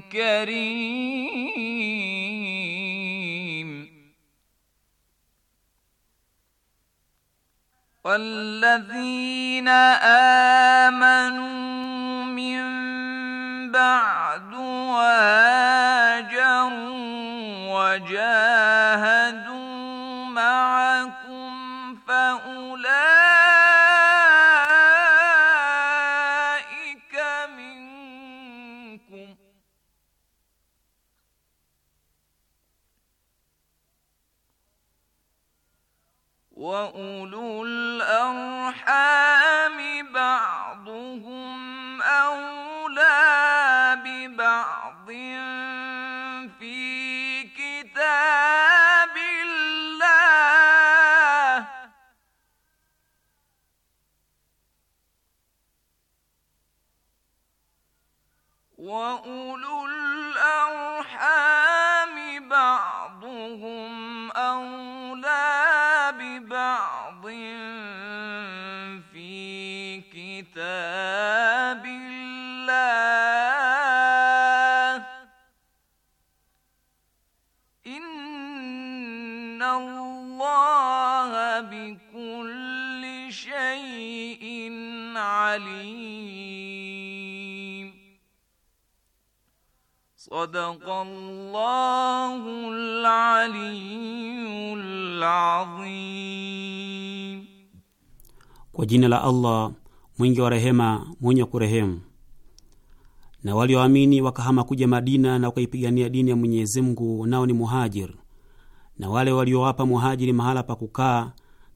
كريم والذين آمنوا من بعد وآمنوا alim. Sadaqallahul aliyyul azim. Kwa jina la Allah mwingi wa rehema mwenye kurehemu. Na walioamini wa wakahama kuja Madina na wakaipigania dini ya Mwenyezi Mungu, nao ni muhajir, na wale waliowapa wa muhajiri mahala pa kukaa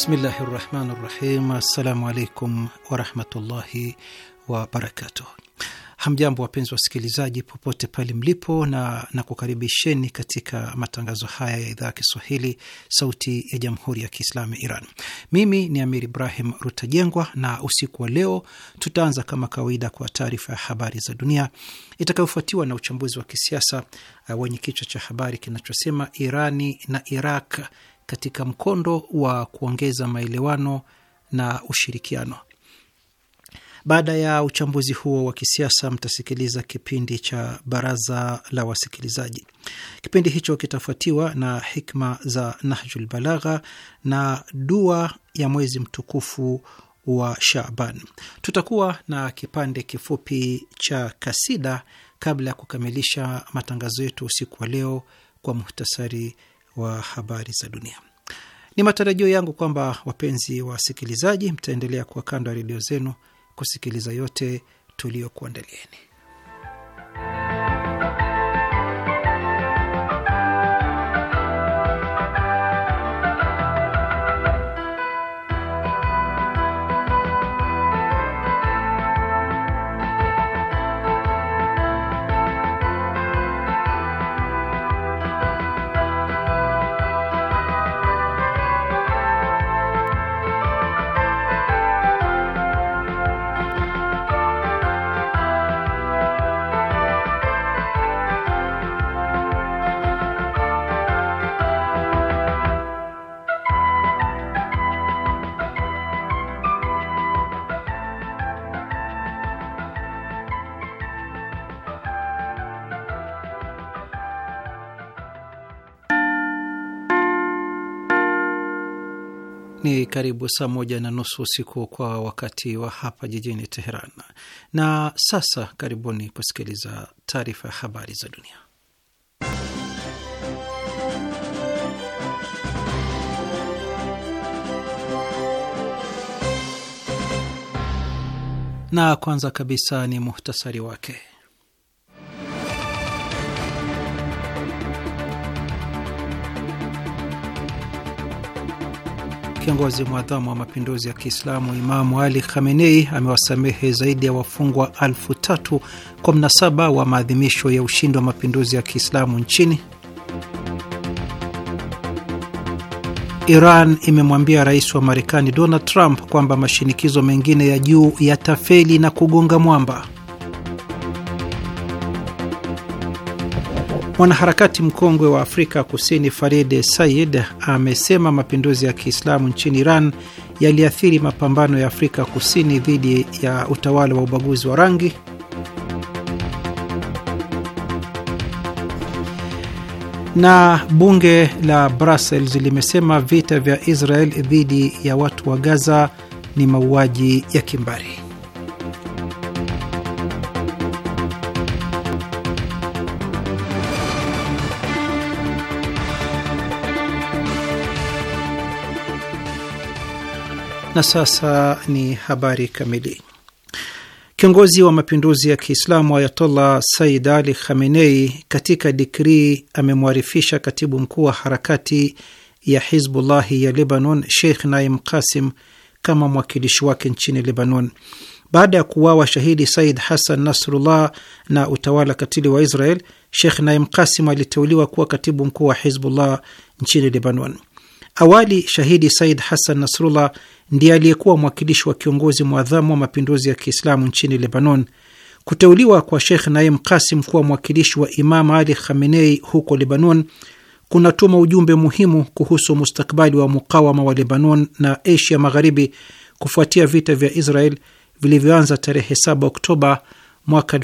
Bismillahi rahmani rahim. Assalamu alaikum warahmatullahi wabarakatuh. Hamjambo, wapenzi wasikilizaji, popote pale mlipo, na nakukaribisheni katika matangazo haya ya idhaa ya Kiswahili, Sauti ya Jamhuri ya Kiislamu ya Iran. Mimi ni Amir Ibrahim Rutajengwa, na usiku wa leo tutaanza kama kawaida kwa taarifa ya habari za dunia itakayofuatiwa na uchambuzi wa kisiasa uh, wenye kichwa cha habari kinachosema Irani na Iraq katika mkondo wa kuongeza maelewano na ushirikiano. Baada ya uchambuzi huo wa kisiasa, mtasikiliza kipindi cha baraza la wasikilizaji. Kipindi hicho kitafuatiwa na hikma za Nahjul Balagha na dua ya mwezi mtukufu wa Shaban. Tutakuwa na kipande kifupi cha kasida kabla ya kukamilisha matangazo yetu usiku wa leo kwa muhtasari wa habari za dunia. Ni matarajio yangu kwamba wapenzi wasikilizaji, mtaendelea kuwa kando ya redio zenu kusikiliza yote tuliyokuandalieni. karibu saa moja na nusu usiku kwa wakati wa hapa jijini Teheran. Na sasa karibuni kusikiliza taarifa ya habari za dunia. Na kwanza kabisa ni muhtasari wake. Kiongozi mwadhamu wa mapinduzi ya Kiislamu Imamu Ali Khamenei amewasamehe zaidi ya wafungwa elfu tatu kwa mnasaba wa maadhimisho ya ushindi wa mapinduzi ya Kiislamu nchini. Iran imemwambia rais wa Marekani Donald Trump kwamba mashinikizo mengine ya juu yatafeli na kugonga mwamba. Mwanaharakati mkongwe wa Afrika Kusini Farid Said amesema mapinduzi ya Kiislamu nchini Iran yaliathiri mapambano ya Afrika Kusini dhidi ya utawala wa ubaguzi wa rangi. Na bunge la Brussels limesema vita vya Israel dhidi ya watu wa Gaza ni mauaji ya kimbari. Na sasa ni habari kamili. Kiongozi wa mapinduzi ya Kiislamu Ayatollah Said Ali Khamenei katika dikrii amemwarifisha katibu mkuu wa harakati ya Hizbullahi ya Lebanon Sheikh Naim Qasim kama mwakilishi wake nchini Lebanon baada ya kuwawa shahidi Said Hassan Nasrullah na utawala katili wa Israel. Sheikh Naim Qasim aliteuliwa kuwa katibu mkuu wa Hizbullah nchini Lebanon. Awali shahidi Said Hassan Nasrullah ndiye aliyekuwa mwakilishi wa kiongozi mwadhamu wa mapinduzi ya Kiislamu nchini Lebanon. Kuteuliwa kwa Sheikh Naim Kasim kuwa mwakilishi wa Imam Ali Khamenei huko Lebanon kunatuma ujumbe muhimu kuhusu mustakbali wa mukawama wa Lebanon na Asia Magharibi kufuatia vita vya Israel vilivyoanza tarehe 7 Oktoba mwaka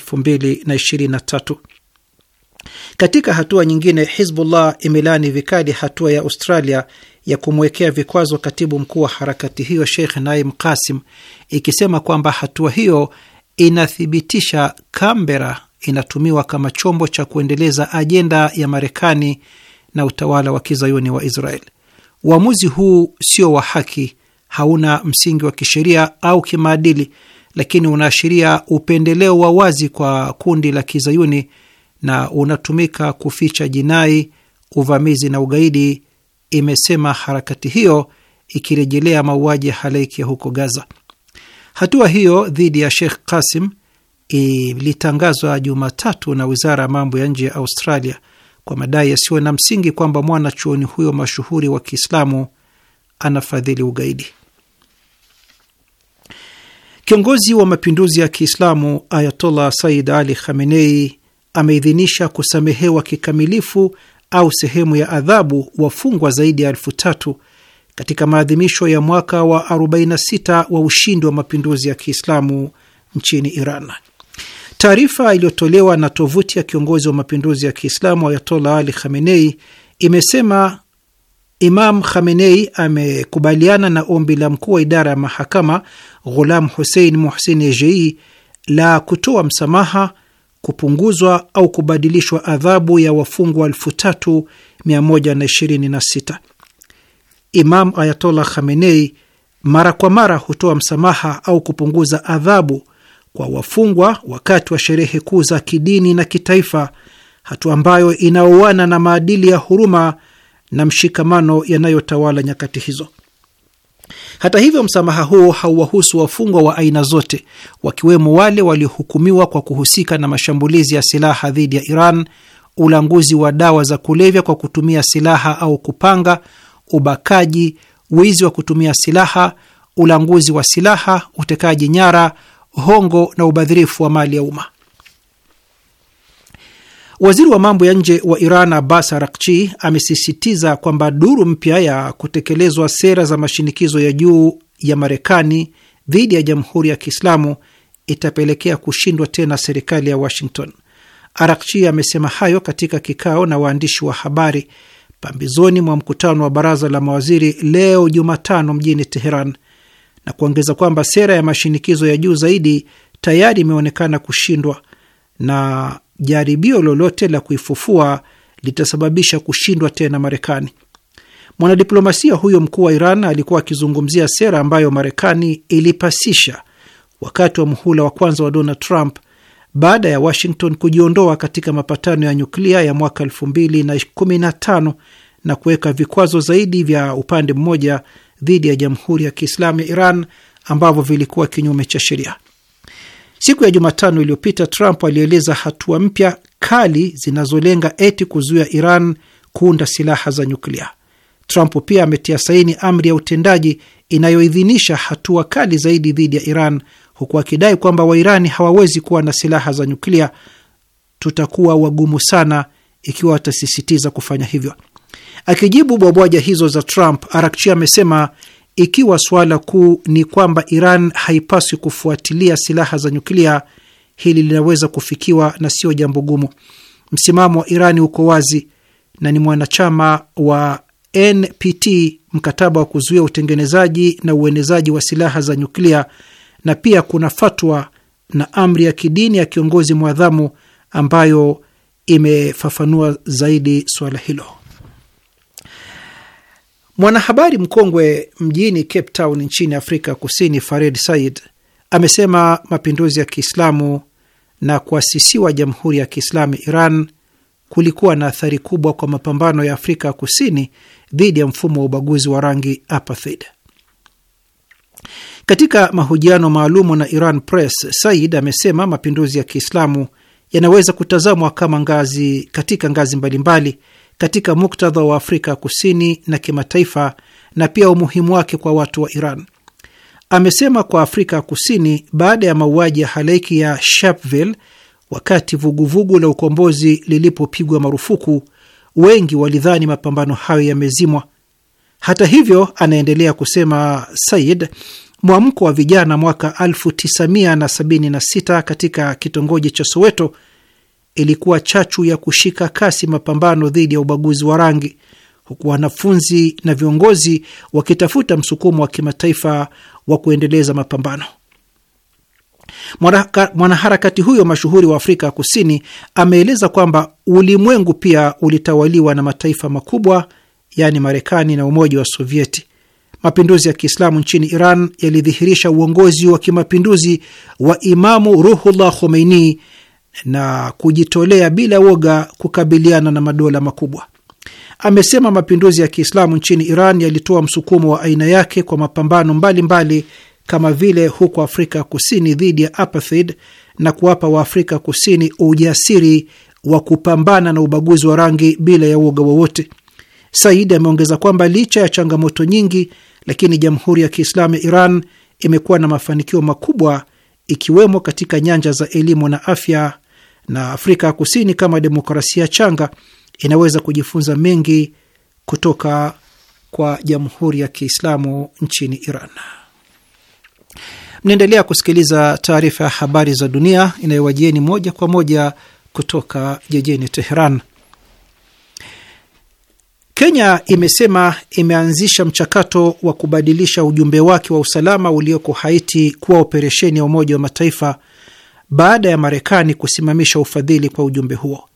katika hatua nyingine, Hizbullah imelaani vikali hatua ya Australia ya kumwekea vikwazo katibu mkuu wa harakati hiyo Sheikh Naim Kasim, ikisema kwamba hatua hiyo inathibitisha Canberra inatumiwa kama chombo cha kuendeleza ajenda ya Marekani na utawala wa kizayuni wa Israel. Uamuzi huu sio wa haki, hauna msingi wa kisheria au kimaadili, lakini unaashiria upendeleo wa wazi kwa kundi la kizayuni na unatumika kuficha jinai, uvamizi na ugaidi, imesema harakati hiyo ikirejelea mauaji ya halaiki ya huko Gaza. Hatua hiyo dhidi ya Sheikh Kasim ilitangazwa Jumatatu na wizara ya mambo ya nje ya Australia kwa madai yasiyo na msingi kwamba mwanachuoni huyo mashuhuri wa Kiislamu anafadhili ugaidi. Kiongozi wa mapinduzi ya Kiislamu Ayatollah Sayyid Ali Khamenei ameidhinisha kusamehewa kikamilifu au sehemu ya adhabu wafungwa zaidi ya elfu tatu katika maadhimisho ya mwaka wa 46 wa ushindi wa mapinduzi ya Kiislamu nchini Iran. Taarifa iliyotolewa na tovuti ya kiongozi wa mapinduzi ya Kiislamu Ayatola Ali Khamenei imesema Imam Khamenei amekubaliana na ombi la mkuu wa idara ya mahakama Ghulam Hussein Muhsin Ejei la kutoa msamaha kupunguzwa au kubadilishwa adhabu ya wafungwa 3126. Imam Ayatollah Khamenei mara kwa mara hutoa msamaha au kupunguza adhabu kwa wafungwa wakati wa sherehe kuu za kidini na kitaifa, hatua ambayo inaoana na maadili ya huruma na mshikamano yanayotawala nyakati hizo. Hata hivyo, msamaha huo hauwahusu wafungwa wa aina zote, wakiwemo wale waliohukumiwa kwa kuhusika na mashambulizi ya silaha dhidi ya Iran, ulanguzi wa dawa za kulevya kwa kutumia silaha au kupanga, ubakaji, wizi wa kutumia silaha, ulanguzi wa silaha, utekaji nyara, hongo na ubadhirifu wa mali ya umma. Waziri wa mambo ya nje wa Iran Abbas Arakchi amesisitiza kwamba duru mpya ya kutekelezwa sera za mashinikizo ya juu ya Marekani dhidi ya Jamhuri ya Kiislamu itapelekea kushindwa tena serikali ya Washington. Arakchi amesema hayo katika kikao na waandishi wa habari pambizoni mwa mkutano wa baraza la mawaziri leo Jumatano mjini Teheran na kuongeza kwamba sera ya mashinikizo ya juu zaidi tayari imeonekana kushindwa na jaribio lolote la kuifufua litasababisha kushindwa tena Marekani. Mwanadiplomasia huyo mkuu wa Iran alikuwa akizungumzia sera ambayo Marekani ilipasisha wakati wa muhula wa kwanza wa Donald Trump baada ya Washington kujiondoa katika mapatano ya nyuklia ya mwaka 2015 na kuweka vikwazo zaidi vya upande mmoja dhidi ya Jamhuri ya Kiislamu ya Iran ambavyo vilikuwa kinyume cha sheria. Siku ya Jumatano iliyopita, Trump alieleza hatua mpya kali zinazolenga eti kuzuia Iran kuunda silaha za nyuklia. Trump pia ametia saini amri ya utendaji inayoidhinisha hatua kali zaidi dhidi ya Iran, huku akidai kwamba Wairani hawawezi kuwa na silaha za nyuklia. Tutakuwa wagumu sana ikiwa watasisitiza kufanya hivyo. Akijibu bwabwaja hizo za Trump, Arakchi amesema ikiwa suala kuu ni kwamba Iran haipaswi kufuatilia silaha za nyuklia, hili linaweza kufikiwa na sio jambo gumu. Msimamo wa Irani uko wazi na ni mwanachama wa NPT, mkataba wa kuzuia utengenezaji na uenezaji wa silaha za nyuklia, na pia kuna fatwa na amri ya kidini ya kiongozi mwadhamu ambayo imefafanua zaidi suala hilo. Mwanahabari mkongwe mjini Cape Town nchini Afrika Kusini, Farid Said amesema mapinduzi ya Kiislamu na kuasisiwa Jamhuri ya Kiislamu Iran kulikuwa na athari kubwa kwa mapambano ya Afrika Kusini dhidi ya mfumo wa ubaguzi wa rangi apartheid. Katika mahojiano maalumu na Iran Press, Said amesema mapinduzi ya Kiislamu yanaweza kutazamwa kama ngazi katika ngazi mbalimbali mbali, katika muktadha wa Afrika Kusini na kimataifa na pia umuhimu wake kwa watu wa Iran. Amesema kwa Afrika Kusini, baada ya mauaji ya halaiki ya Sharpeville, wakati vuguvugu la ukombozi lilipopigwa marufuku, wengi walidhani mapambano hayo yamezimwa. Hata hivyo, anaendelea kusema Said, mwamko wa vijana mwaka 1976 katika kitongoji cha Soweto ilikuwa chachu ya kushika kasi mapambano dhidi ya ubaguzi wa rangi, huku wanafunzi na viongozi wakitafuta msukumo wa kimataifa wa kuendeleza mapambano. Mwanaharakati huyo mashuhuri wa Afrika ya Kusini ameeleza kwamba ulimwengu pia ulitawaliwa na mataifa makubwa, yaani Marekani na Umoja wa Sovieti. Mapinduzi ya Kiislamu nchini Iran yalidhihirisha uongozi wa kimapinduzi wa Imamu Ruhullah Khomeini na kujitolea bila woga kukabiliana na madola makubwa. Amesema mapinduzi ya Kiislamu nchini Iran yalitoa msukumo wa aina yake kwa mapambano mbalimbali mbali, kama vile huko Afrika Kusini dhidi ya apartheid na kuwapa Waafrika Kusini ujasiri wa kupambana na ubaguzi wa rangi bila ya woga wowote. Said ameongeza kwamba licha ya changamoto nyingi, lakini Jamhuri ya Kiislamu ya Iran imekuwa na mafanikio makubwa ikiwemo katika nyanja za elimu na afya na Afrika ya Kusini kama demokrasia changa inaweza kujifunza mengi kutoka kwa Jamhuri ya Kiislamu nchini Iran. Mnaendelea kusikiliza taarifa ya habari za dunia inayowajieni moja kwa moja kutoka jijini Teheran. Kenya imesema imeanzisha mchakato wa kubadilisha ujumbe wake wa usalama ulioko Haiti kuwa operesheni ya Umoja wa Mataifa baada ya Marekani kusimamisha ufadhili kwa ujumbe huo.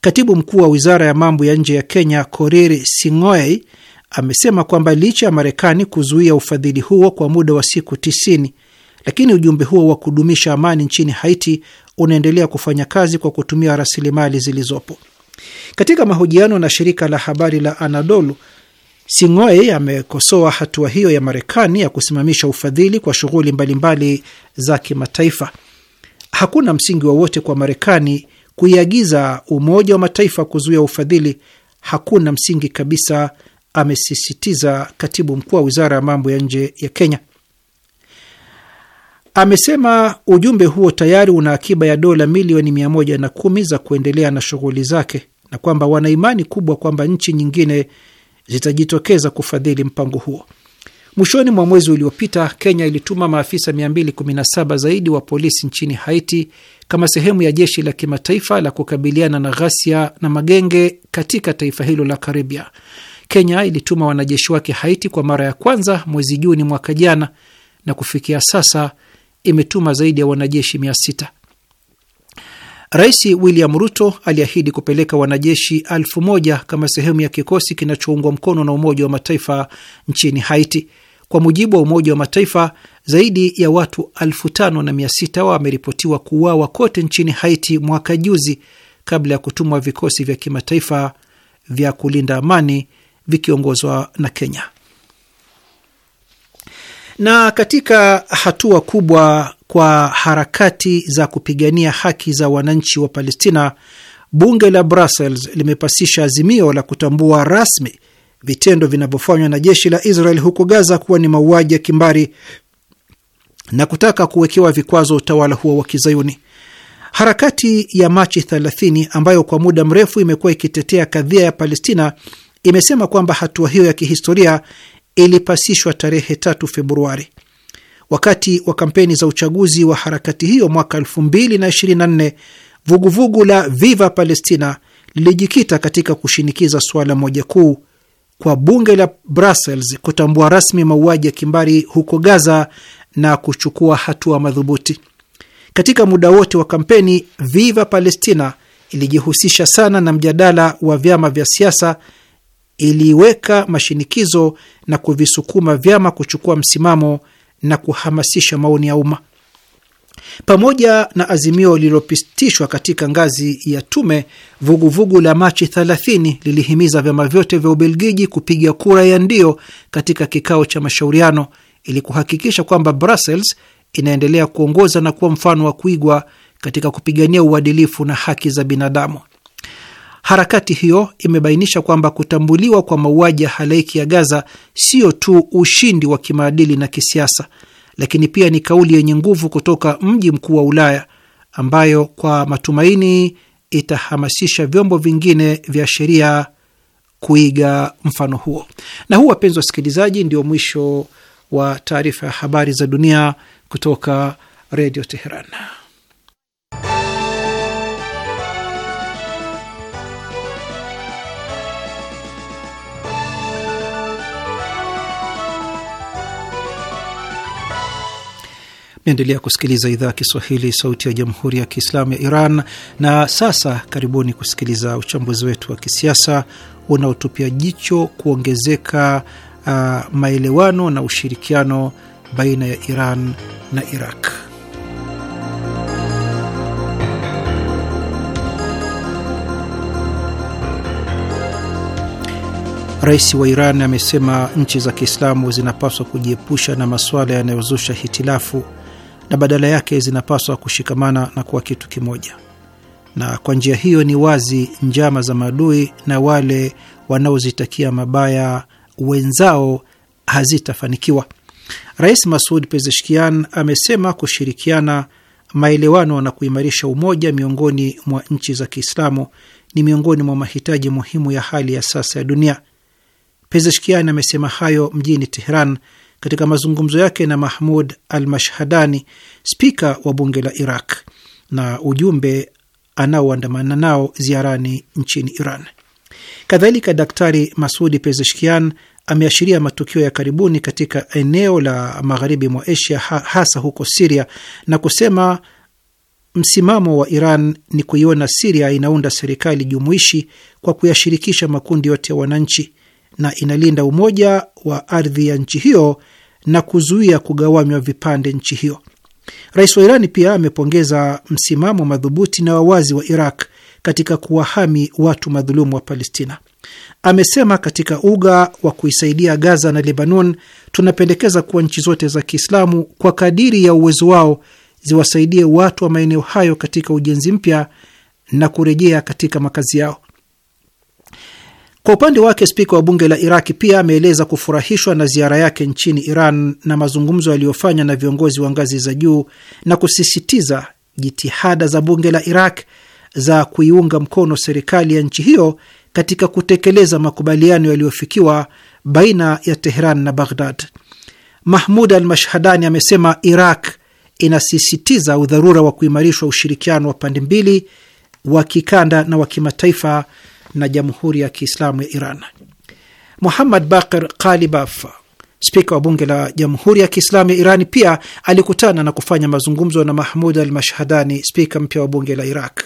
Katibu mkuu wa wizara ya mambo ya nje ya Kenya Korir Sing'oei amesema kwamba licha ya Marekani kuzuia ufadhili huo kwa muda wa siku 90, lakini ujumbe huo wa kudumisha amani nchini Haiti unaendelea kufanya kazi kwa kutumia rasilimali zilizopo. Katika mahojiano na shirika la habari la Anadolu, Singoe amekosoa hatua hiyo ya Marekani ya kusimamisha ufadhili kwa shughuli mbalimbali za kimataifa hakuna msingi wowote kwa Marekani kuiagiza Umoja wa Mataifa kuzuia ufadhili. Hakuna msingi kabisa, amesisitiza katibu mkuu wa wizara ya mambo ya nje ya Kenya. Amesema ujumbe huo tayari una akiba ya dola milioni 110 za kuendelea na shughuli zake na kwamba wana imani kubwa kwamba nchi nyingine zitajitokeza kufadhili mpango huo. Mwishoni mwa mwezi uliopita, Kenya ilituma maafisa 217 zaidi wa polisi nchini Haiti kama sehemu ya jeshi la kimataifa la kukabiliana na ghasia na magenge katika taifa hilo la Karibia. Kenya ilituma wanajeshi wake Haiti kwa mara ya kwanza mwezi Juni mwaka jana, na kufikia sasa imetuma zaidi ya wanajeshi 600. Rais William Ruto aliahidi kupeleka wanajeshi elfu moja kama sehemu ya kikosi kinachoungwa mkono na Umoja wa Mataifa nchini Haiti. Kwa mujibu wa Umoja wa Mataifa, zaidi ya watu elfu na wameripotiwa kuuawa kote nchini Haiti mwaka juzi kabla ya kutumwa vikosi vya kimataifa vya kulinda amani vikiongozwa na Kenya. Na katika hatua kubwa kwa harakati za kupigania haki za wananchi wa Palestina, bunge la Brussels limepasisha azimio la kutambua rasmi vitendo vinavyofanywa na jeshi la Israel huko Gaza kuwa ni mauaji ya kimbari na kutaka kuwekewa vikwazo utawala huo wa Kizayuni. Harakati ya Machi 30 ambayo kwa muda mrefu imekuwa ikitetea kadhia ya Palestina imesema kwamba hatua hiyo ya kihistoria ilipasishwa tarehe 3 Februari wakati wa kampeni za uchaguzi wa harakati hiyo mwaka 2024. Vuguvugu la Viva Palestina lilijikita katika kushinikiza suala moja kuu kwa bunge la Brussels kutambua rasmi mauaji ya kimbari huko Gaza na kuchukua hatua madhubuti. Katika muda wote wa kampeni, Viva Palestina ilijihusisha sana na mjadala wa vyama vya siasa, iliweka mashinikizo na kuvisukuma vyama kuchukua msimamo na kuhamasisha maoni ya umma. Pamoja na azimio lililopitishwa katika ngazi ya tume, vuguvugu vugu la Machi 30 lilihimiza vyama vyote vya Ubelgiji kupiga kura ya ndio katika kikao cha mashauriano ili kuhakikisha kwamba Brussels inaendelea kuongoza na kuwa mfano wa kuigwa katika kupigania uadilifu na haki za binadamu. Harakati hiyo imebainisha kwamba kutambuliwa kwa mauaji ya halaiki ya Gaza sio tu ushindi wa kimaadili na kisiasa lakini pia ni kauli yenye nguvu kutoka mji mkuu wa Ulaya ambayo kwa matumaini itahamasisha vyombo vingine vya sheria kuiga mfano huo. Na huu, wapenzi wa wasikilizaji, ndio mwisho wa taarifa ya habari za dunia kutoka Redio Teheran. Naendelea kusikiliza idhaa ya Kiswahili, sauti ya jamhuri ya kiislamu ya Iran. Na sasa karibuni kusikiliza uchambuzi wetu wa kisiasa unaotupia jicho kuongezeka uh, maelewano na ushirikiano baina ya Iran na Iraq. Rais wa Iran amesema nchi za Kiislamu zinapaswa kujiepusha na masuala yanayozusha hitilafu na badala yake zinapaswa kushikamana na kuwa kitu kimoja, na kwa njia hiyo ni wazi njama za maadui na wale wanaozitakia mabaya wenzao hazitafanikiwa. Rais Masud Pezeshkian amesema kushirikiana, maelewano na kuimarisha umoja miongoni mwa nchi za Kiislamu ni miongoni mwa mahitaji muhimu ya hali ya sasa ya dunia. Pezeshkian amesema hayo mjini teheran katika mazungumzo yake na Mahmud al Mashhadani, spika wa bunge la Iraq, na ujumbe anaoandamana nao ziarani nchini Iran. Kadhalika, Daktari Masudi Pezeshkian ameashiria matukio ya karibuni katika eneo la magharibi mwa Asia, hasa huko Siria, na kusema msimamo wa Iran ni kuiona Siria inaunda serikali jumuishi kwa kuyashirikisha makundi yote ya wananchi na inalinda umoja wa ardhi ya nchi hiyo na kuzuia kugawanywa vipande nchi hiyo. Rais wa Irani pia amepongeza msimamo madhubuti na wawazi wa Iraq katika kuwahami watu madhulumu wa Palestina. Amesema katika uga wa kuisaidia Gaza na Lebanon, tunapendekeza kuwa nchi zote za Kiislamu kwa kadiri ya uwezo wao ziwasaidie watu wa maeneo hayo katika ujenzi mpya na kurejea katika makazi yao. Kwa upande wake spika wa bunge la Iraki pia ameeleza kufurahishwa na ziara yake nchini Iran na mazungumzo yaliyofanya na viongozi wa ngazi za juu na kusisitiza jitihada za bunge la Iraq za kuiunga mkono serikali ya nchi hiyo katika kutekeleza makubaliano yaliyofikiwa baina ya Tehran na Baghdad. Mahmud al-Mashhadani amesema Iraq inasisitiza udharura wa kuimarishwa ushirikiano wa pande mbili wa kikanda na wa kimataifa na Jamhuri ya Kiislamu ya Iran. Muhammad Baqir Kalibaf, spika wa bunge la Jamhuri ya Kiislamu ya Iran, pia alikutana na kufanya mazungumzo na Mahmud al Mashhadani, spika mpya wa bunge la Iraq.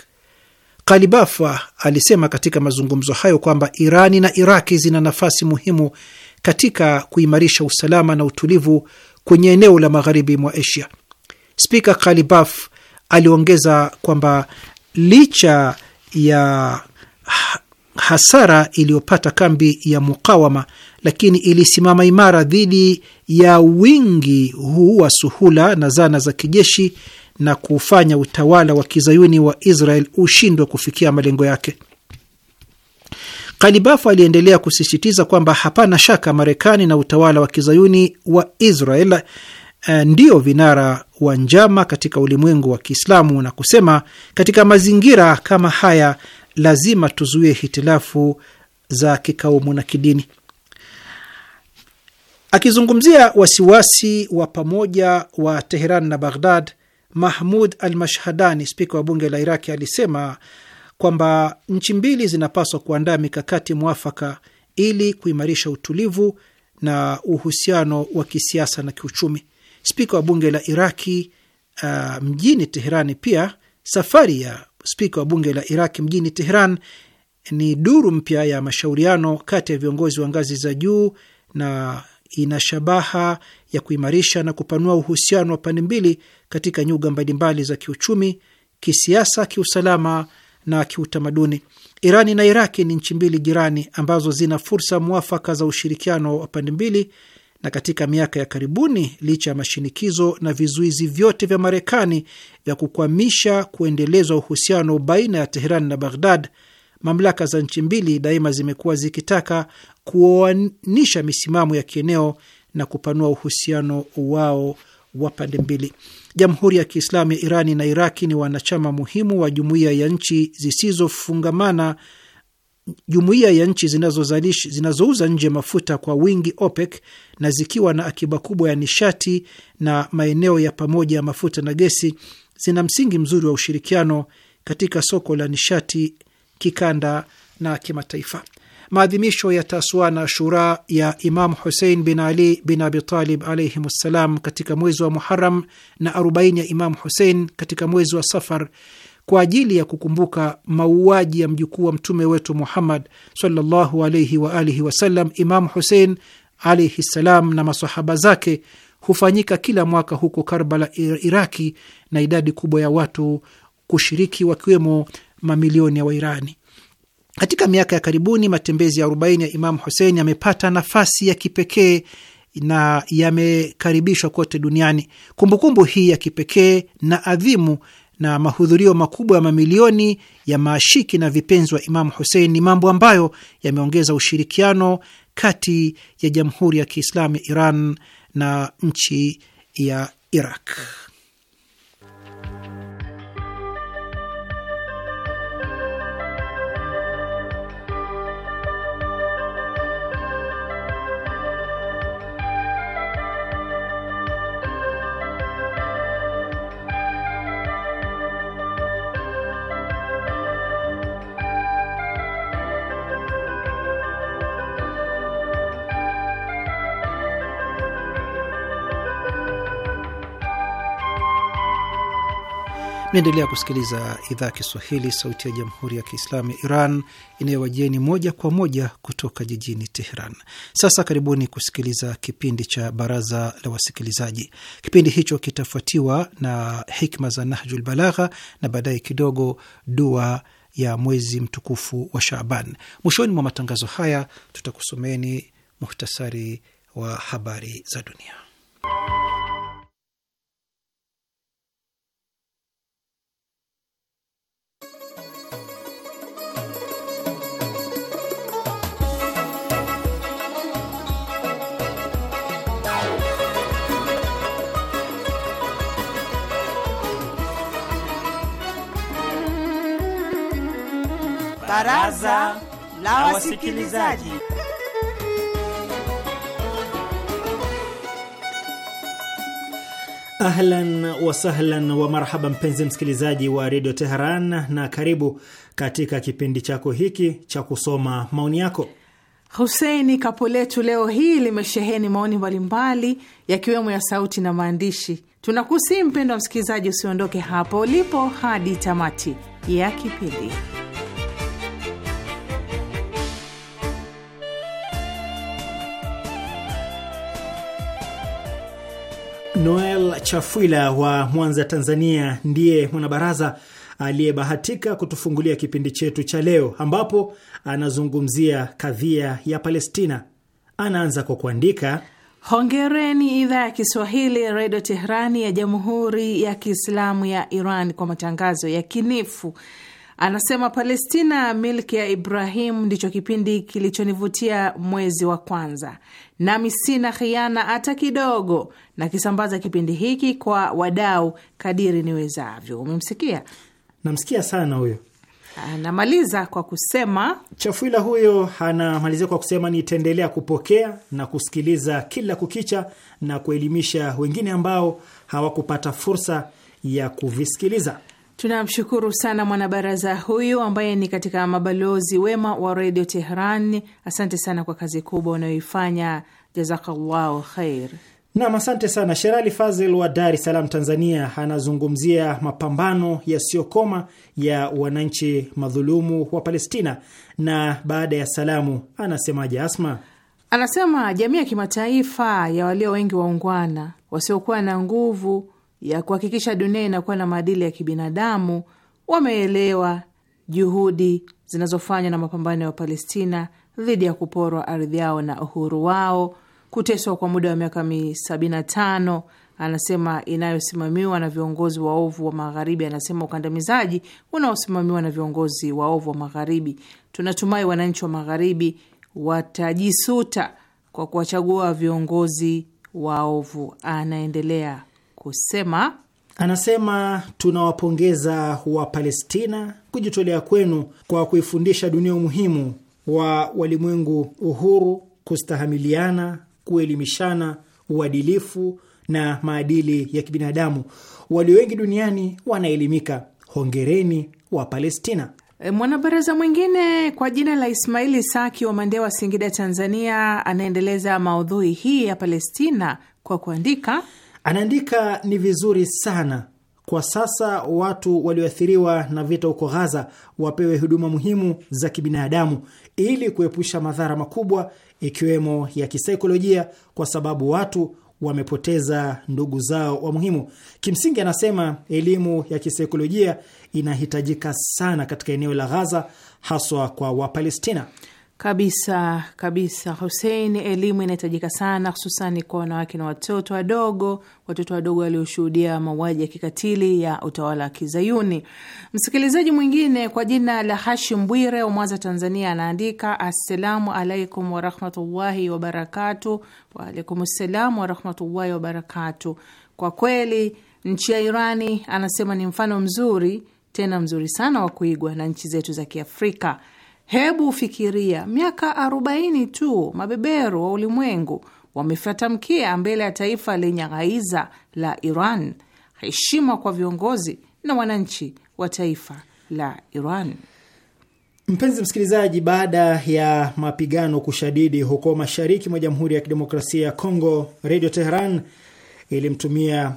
Kalibaf alisema katika mazungumzo hayo kwamba Irani na Iraki zina nafasi muhimu katika kuimarisha usalama na utulivu kwenye eneo la magharibi mwa Asia. Spika Kalibaf aliongeza kwamba licha ya hasara iliyopata kambi ya mukawama, lakini ilisimama imara dhidi ya wingi huu wa suhula na zana za kijeshi na kufanya utawala wa kizayuni wa Israel ushindwe kufikia malengo yake. Kalibaf aliendelea kusisitiza kwamba hapana shaka Marekani na utawala wa kizayuni wa Israel eh, ndio vinara wa njama katika ulimwengu wa Kiislamu na kusema, katika mazingira kama haya lazima tuzuie hitilafu za kikaumu na kidini. Akizungumzia wasiwasi wa pamoja wa Teheran na Baghdad, Mahmud al Mashhadani, spika wa bunge la Iraki, alisema kwamba nchi mbili zinapaswa kuandaa mikakati mwafaka ili kuimarisha utulivu na uhusiano wa kisiasa na kiuchumi. Spika wa bunge la Iraki uh, mjini Teherani pia safari ya spika wa bunge la Iraq mjini Teheran ni duru mpya ya mashauriano kati ya viongozi wa ngazi za juu na ina shabaha ya kuimarisha na kupanua uhusiano wa pande mbili katika nyuga mbalimbali za kiuchumi, kisiasa, kiusalama na kiutamaduni. Irani na Iraki ni nchi mbili jirani ambazo zina fursa mwafaka za ushirikiano wa pande mbili na katika miaka ya karibuni, licha ya mashinikizo na vizuizi vyote vya Marekani vya kukwamisha kuendelezwa uhusiano baina ya Teheran na Baghdad, mamlaka za nchi mbili daima zimekuwa zikitaka kuoanisha misimamo ya kieneo na kupanua uhusiano wao wa pande mbili. Jamhuri ya Kiislamu ya Irani na Iraki ni wanachama muhimu wa jumuiya ya nchi zisizofungamana jumuiya ya nchi zinazozalisha zinazouza nje mafuta kwa wingi OPEC na zikiwa na akiba kubwa ya nishati na maeneo ya pamoja ya mafuta na gesi zina msingi mzuri wa ushirikiano katika soko la nishati kikanda na kimataifa. Maadhimisho ya Taswa na Shura ya Imam Husein bin Ali bin Abitalib alaihim ssalam katika mwezi wa Muharam na 4 ya Imam Husein katika mwezi wa Safar kwa ajili ya kukumbuka mauaji ya mjukuu wa mtume wetu Muhammad sallallahu alaihi wa alihi wasallam, Imamu Husein alaihi ssalam, na masahaba zake hufanyika kila mwaka huko Karbala, Iraki, na idadi kubwa ya watu kushiriki wakiwemo mamilioni ya Wairani. Katika miaka ya karibuni matembezi ya 40 ya Imamu Husein yamepata nafasi ya kipekee na yamekaribishwa kote duniani. Kumbukumbu hii ya kipekee na adhimu na mahudhurio makubwa ya mamilioni ya maashiki na vipenzi wa Imamu Husein ni mambo ambayo yameongeza ushirikiano kati ya Jamhuri ya Kiislamu ya Iran na nchi ya Iraq. Naendelea kusikiliza idhaa ya Kiswahili, sauti ya jamhuri ya kiislamu ya Iran inayowajieni moja kwa moja kutoka jijini Teheran. Sasa karibuni kusikiliza kipindi cha baraza la wasikilizaji. Kipindi hicho kitafuatiwa na hikma za Nahjul Balagha na baadaye kidogo dua ya mwezi mtukufu wa Shaaban. Mwishoni mwa matangazo haya tutakusomeni muhtasari wa habari za dunia. Baraza la Wasikilizaji. Ahlan wasahlan wa marhaba, mpenzi msikilizaji wa redio Teheran, na karibu katika kipindi chako hiki cha kusoma maoni yako. Huseini kapu letu leo hii limesheheni maoni mbalimbali yakiwemo ya sauti na maandishi. Tunakusii mpendo wa msikilizaji, usiondoke hapo ulipo hadi tamati ya kipindi. Noel Chafuila wa Mwanza, Tanzania, ndiye mwanabaraza aliyebahatika kutufungulia kipindi chetu cha leo, ambapo anazungumzia kadhia ya Palestina. Anaanza kwa kuandika Hongereni idhaa ya Kiswahili redio Teherani ya jamhuri ya Kiislamu ya Iran kwa matangazo ya kinifu. Anasema Palestina milki ya Ibrahimu ndicho kipindi kilichonivutia mwezi wa kwanza nami sina khiana hata kidogo, nakisambaza kipindi hiki kwa wadau kadiri niwezavyo. Umemsikia? Namsikia sana huyo. Anamaliza kwa kusema Chafuila huyo anamalizia kwa kusema, nitaendelea kupokea na kusikiliza kila kukicha na kuelimisha wengine ambao hawakupata fursa ya kuvisikiliza. Tunamshukuru sana mwanabaraza huyu ambaye ni katika mabalozi wema wa redio Tehran. Asante sana kwa kazi kubwa unayoifanya, jazakallahu khair. Nam, asante sana. Sherali Fazil wa Dar es Salaam, Tanzania, anazungumzia mapambano yasiyokoma ya wananchi madhulumu wa Palestina, na baada ya salamu anasemaje Asma? Anasema jamii ya kimataifa ya walio wengi waungwana, wasiokuwa na nguvu ya kuhakikisha dunia inakuwa na maadili ya kibinadamu wameelewa juhudi zinazofanywa na mapambano ya Wapalestina dhidi ya kuporwa ardhi yao na uhuru wao, kuteswa kwa muda wa miaka 75 anasema inayosimamiwa na viongozi waovu wa Magharibi. Anasema ukandamizaji unaosimamiwa na viongozi waovu wa Magharibi. Tunatumai wananchi wa Magharibi watajisuta kwa kuwachagua viongozi waovu, anaendelea kusema, anasema tunawapongeza Wapalestina kujitolea kwenu kwa kuifundisha dunia umuhimu wa walimwengu, uhuru, kustahamiliana, kuelimishana, uadilifu na maadili ya kibinadamu. Walio wengi duniani wanaelimika. Hongereni wa Palestina. E, mwanabaraza mwingine kwa jina la Ismaili Saki wa Mandewa, Singida, Tanzania, anaendeleza maudhui hii ya Palestina kwa kuandika Anaandika, ni vizuri sana kwa sasa watu walioathiriwa na vita huko Ghaza wapewe huduma muhimu za kibinadamu ili kuepusha madhara makubwa ikiwemo ya kisaikolojia, kwa sababu watu wamepoteza ndugu zao wa muhimu. Kimsingi, anasema elimu ya kisaikolojia inahitajika sana katika eneo la Ghaza, haswa kwa Wapalestina. Kabisa kabisa, Husein, elimu inahitajika sana, hususani kwa wanawake na watoto wadogo, watoto wadogo walioshuhudia mauaji ya kikatili ya utawala wa Kizayuni. Msikilizaji mwingine kwa jina la Hashim Bwire wa Mwanza, Tanzania, anaandika assalamu alaikum warahmatullahi wabarakatu. Waalaikum ssalamu warahmatullahi wabarakatu. Kwa kweli nchi ya Irani, anasema ni mfano mzuri tena mzuri sana wa kuigwa na nchi zetu za Kiafrika. Hebu fikiria, miaka arobaini tu mabeberu wa ulimwengu wamefatamkia mbele ya taifa lenye ghaiza la Iran heshima kwa viongozi na wananchi wa taifa la Iran. Mpenzi msikilizaji, baada ya mapigano kushadidi huko mashariki mwa Jamhuri ya Kidemokrasia ya Kongo, Redio Teheran ilimtumia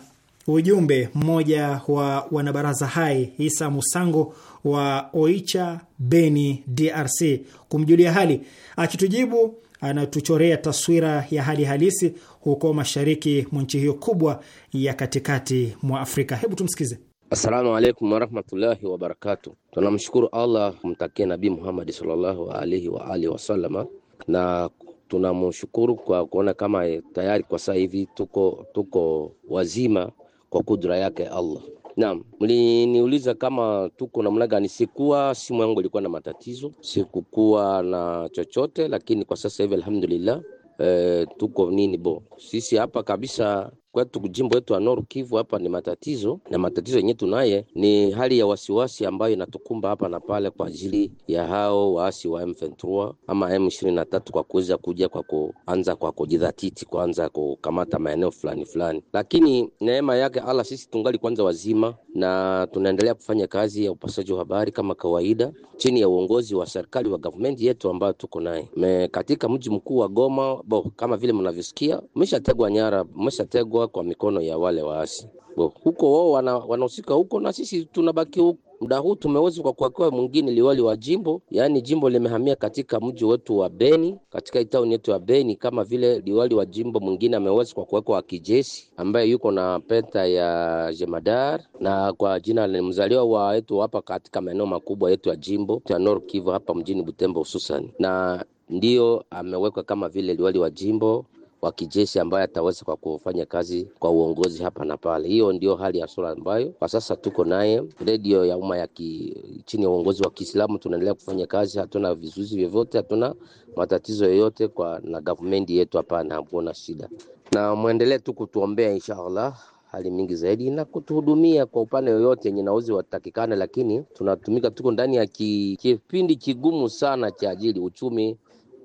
ujumbe mmoja wa wanabaraza hai Isa Musango wa Oicha, Beni, DRC kumjulia hali. Akitujibu anatuchorea taswira ya hali halisi huko mashariki mwa nchi hiyo kubwa ya katikati mwa Afrika. Hebu tumsikize. Assalamu alaikum warahmatullahi wabarakatu. Tunamshukuru Allah kumtakia Nabii Muhammad sallallahu alaihi wa alihi wasallama na tunamshukuru kwa kuona kama tayari kwa sasa hivi tuko tuko wazima kwa kudra yake Allah. Naam, mliniuliza kama tuko namna gani. Sikuwa simu yangu ilikuwa na matatizo, sikukuwa na chochote, lakini kwa sasa hivi alhamdulillah, e, tuko nini bo sisi hapa kabisa kwetu jimbo letu la Nord Kivu hapa ni matatizo, na matatizo yenyewe tunaye ni hali ya wasiwasi ambayo inatukumba hapa na pale kwa ajili ya hao waasi wa M23 ama M23 kwa kuweza kuja kwa kuanza kwa kujidhatiti kuanza kukamata maeneo fulani fulani, lakini neema yake Allah sisi tungali kwanza wazima na tunaendelea kufanya kazi ya upasaji wa habari kama kawaida chini ya uongozi wa serikali wa government yetu ambayo tuko naye katika mji mkuu wa Goma bo, kama vile mnavyosikia, mmeshategwa nyara, mmeshategwa kwa mikono ya wale waasi. Huko wao wanahusika huko na sisi tunabaki huko. Muda huu tumeweza kwa kuakiwa mwingine liwali wa jimbo, yaani jimbo limehamia katika mji wetu wa Beni, katika town yetu ya Beni. Kama vile liwali wa jimbo mwingine ameweza kwa kuwekwa wa kijeshi, ambaye yuko na peta ya jemadar na kwa jina ni mzaliwa wa wetu hapa katika maeneo makubwa yetu ya jimbo ya North Kivu hapa mjini Butembo hususani, na ndiyo amewekwa kama vile liwali wa jimbo wa kijeshi ambaye ataweza kwa kufanya kazi kwa uongozi hapa na pale. Hiyo ndio hali ya sura ambayo kwa sasa tuko naye. Redio ya umma ya ki, chini ya uongozi wa Kiislamu tunaendelea kufanya kazi, hatuna vizuizi vyovyote, hatuna matatizo yoyote kwa na gavumenti yetu, hapana, hakuona shida, na mwendelee tu kutuombea inshaallah hali mingi zaidi na kutuhudumia kwa upande yoyote yenye nauzi watakikana, lakini tunatumika, tuko ndani ya ki, kipindi kigumu sana cha ajili uchumi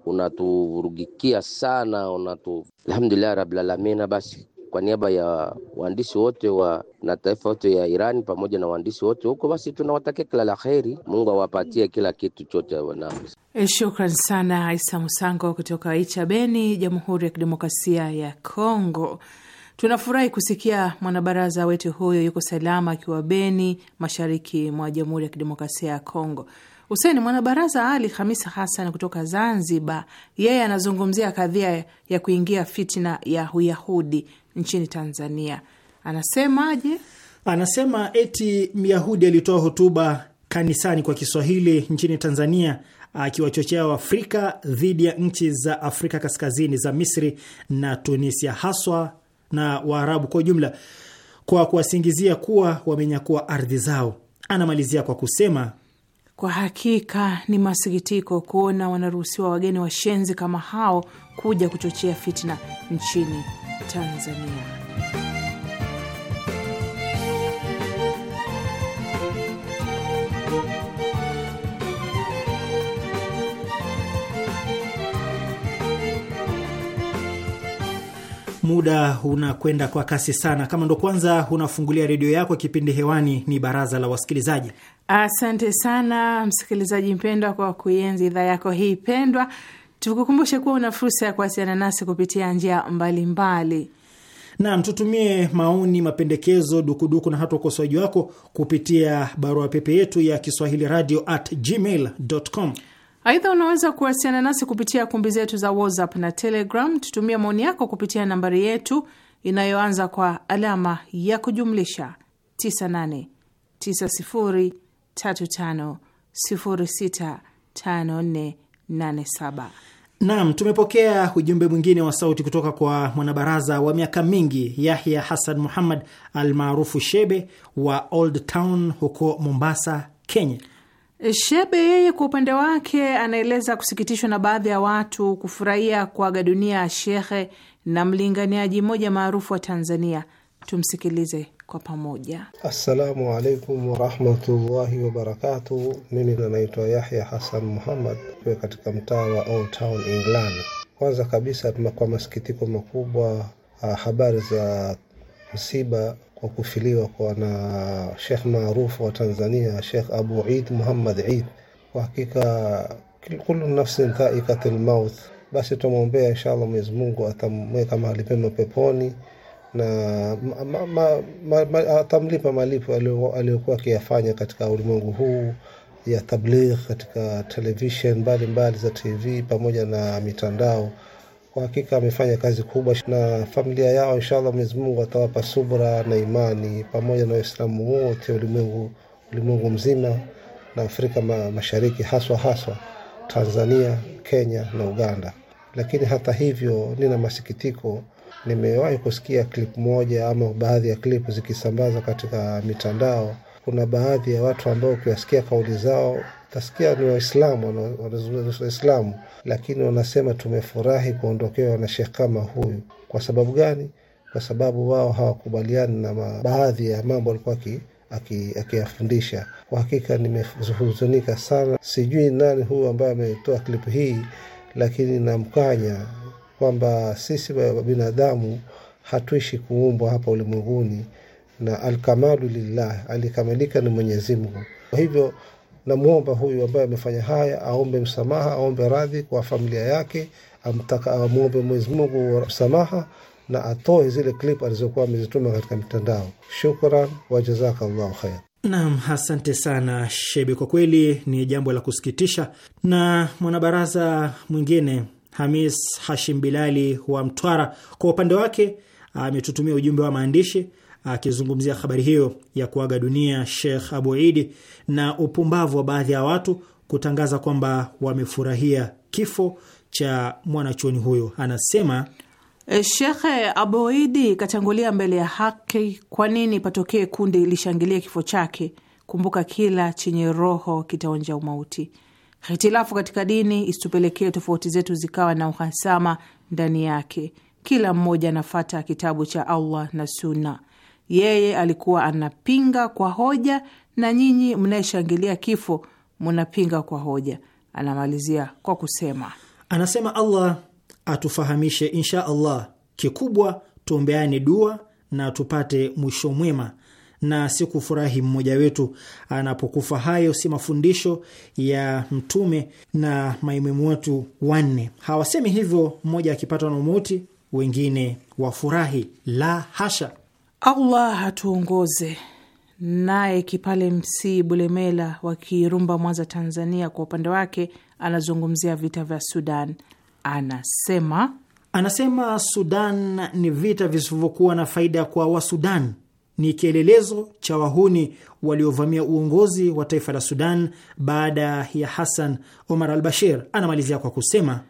unatuvurugikia sana unatu... Alhamdulillah rabbil alamin. Basi kwa niaba ya waandishi wote wa na taifa yote ya iran pamoja na waandishi wote huko, basi tunawatakia kila la kheri. Mungu awapatie kila kitu chote wanao. Eh, shukran sana Isa Musango kutoka Icha Beni, Jamhuri ya Kidemokrasia ya Kongo. Tunafurahi kusikia mwanabaraza wetu huyo yuko salama akiwa Beni, mashariki mwa Jamhuri ya Kidemokrasia ya Kongo. Huseni mwanabaraza Ali Hamisa Hasan kutoka Zanzibar, yeye anazungumzia kadhia ya kuingia fitina ya uyahudi nchini Tanzania. Anasemaje? Anasema eti myahudi alitoa hotuba kanisani kwa Kiswahili nchini Tanzania akiwachochea Waafrika dhidi ya nchi za Afrika kaskazini za Misri na Tunisia haswa na Waarabu kwa ujumla, kwa kuwasingizia kuwa wamenyakua ardhi zao. Anamalizia kwa kusema kwa hakika ni masikitiko kuona wanaruhusiwa wageni washenzi kama hao kuja kuchochea fitna nchini Tanzania. Muda unakwenda kwa kasi sana. Kama ndo kwanza unafungulia redio yako, kipindi hewani ni Baraza la Wasikilizaji. Asante sana msikilizaji mpendwa kwa kuienzi idhaa yako hii pendwa. Tukukumbushe kuwa una fursa ya kuwasiliana nasi kupitia njia mbalimbali. Naam, tutumie maoni, mapendekezo, dukuduku na hata ukosoaji wako kupitia barua pepe yetu ya Kiswahili radio at gmail com. Aidha, unaweza kuwasiliana nasi kupitia kumbi zetu za WhatsApp na Telegram. Tutumie maoni yako kupitia nambari yetu inayoanza kwa alama ya kujumlisha 9890 35 Naam, tumepokea ujumbe mwingine wa sauti kutoka kwa mwanabaraza wa miaka mingi Yahya Hassan Muhammad almaarufu Shebe wa Old Town huko Mombasa, Kenya. Shebe yeye kwa upande wake anaeleza kusikitishwa na baadhi ya watu kufurahia kuaga dunia ya shekhe na mlinganiaji mmoja maarufu wa Tanzania Tumsikilize kwa pamoja. Assalamu alaikum warahmatullahi wabarakatu. Mimi nanaitwa Yahya Hasan Muhammad, kiwa katika mtaa wa Old Town England. Kwanza kabisa, kwa masikitiko makubwa ah, habari za msiba wa kufiliwa kwa na shekh maarufu wa Tanzania, Shekh Abu Id Muhammad Id. Kwa hakika kullu nafsin dhaikatil maut, basi tumwombea inshallah, Mwenyezi Mungu atamweka mahali pema peponi na ma, ma, ma, ma, atamlipa malipo aliyokuwa akiyafanya katika ulimwengu huu ya tabligh katika televishen mbalimbali za TV pamoja na mitandao. Kwa hakika amefanya kazi kubwa, na familia yao inshallah Mwenyezi Mungu atawapa subra na imani, pamoja na Waislamu wote ulimwengu ulimwengu mzima na Afrika ma, Mashariki haswa haswa Tanzania, Kenya na Uganda. Lakini hata hivyo, nina masikitiko nimewahi kusikia klip moja ama baadhi ya klip zikisambaza katika mitandao. Kuna baadhi ya watu ambao ukiwasikia kauli zao utasikia ni Waislamu, wanazungumza Waislamu, lakini wanasema tumefurahi kuondokewa na shekh kama huyu. Kwa sababu gani? Kwa sababu wao hawakubaliani na baadhi ya mambo alikuwa akiyafundisha aki. Kwa hakika nimehuzunika sana, sijui nani huyu ambaye ametoa klipu hii, lakini namkanya kwamba sisi binadamu hatuishi kuumbwa hapa ulimwenguni, na alkamalu lillah, alikamilika ni Mwenyezi Mungu. Kwa hivyo namwomba huyu ambaye amefanya haya aombe msamaha, aombe radhi kwa familia yake, amtaka amwombe mwenyezimungu Mungu msamaha na atoe zile klip alizokuwa amezituma katika mtandao Shukran wa jazakallahu khair. nam asante sana Shebi, kwa kweli ni jambo la kusikitisha. Na mwanabaraza mwingine Hamis Hashim Bilali wa Mtwara kwa upande wake ametutumia ujumbe wa maandishi akizungumzia habari hiyo ya kuaga dunia Sheikh Abu Idi na upumbavu wa baadhi ya watu kutangaza kwamba wamefurahia kifo cha mwanachuoni huyo. Anasema e, Shekhe Aboidi katangulia mbele ya haki. Kwa nini patokee kundi lishangilie kifo chake? Kumbuka, kila chenye roho kitaonja umauti. Hitilafu katika dini isitupelekee tofauti zetu zikawa na uhasama ndani yake. Kila mmoja anafata kitabu cha Allah na Sunna. Yeye alikuwa anapinga kwa hoja, na nyinyi mnayeshangilia kifo munapinga kwa hoja. Anamalizia kwa kusema, anasema Allah atufahamishe insha Allah. Kikubwa tuombeane dua na tupate mwisho mwema na si kufurahi mmoja wetu anapokufa. Hayo si mafundisho ya Mtume na maimamu wetu wanne. Hawasemi hivyo mmoja akipatwa na umauti wengine wafurahi, la hasha. Allah hatuongoze naye. Kipale msi Bulemela wa Kirumba, Mwanza, Tanzania, kwa upande wake anazungumzia vita vya Sudan. Anasema anasema Sudan ni vita visivyokuwa na faida kwa Wasudan ni kielelezo cha wahuni waliovamia uongozi wa taifa la Sudan baada ya Hassan Omar al Bashir. Anamalizia kwa kusema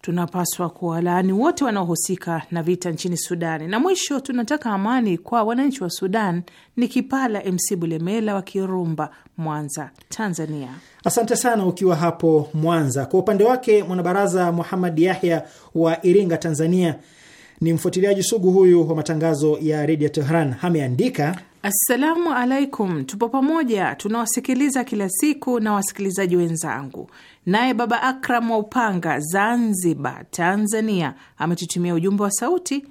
tunapaswa kuwalaani wote wanaohusika na vita nchini Sudani, na mwisho tunataka amani kwa wananchi wa Sudan. Ni Kipala MC Bulemela wa Kirumba, Mwanza, Tanzania. Asante sana ukiwa hapo Mwanza. Kwa upande wake mwanabaraza muhamad Yahya wa Iringa, Tanzania ni mfuatiliaji sugu huyu wa matangazo ya redio Tehran. Ameandika, assalamu alaikum, tupo pamoja, tunawasikiliza kila siku na wasikilizaji wenzangu. Naye baba Akram wa Upanga, Zanzibar, Tanzania, ametutumia ujumbe wa sauti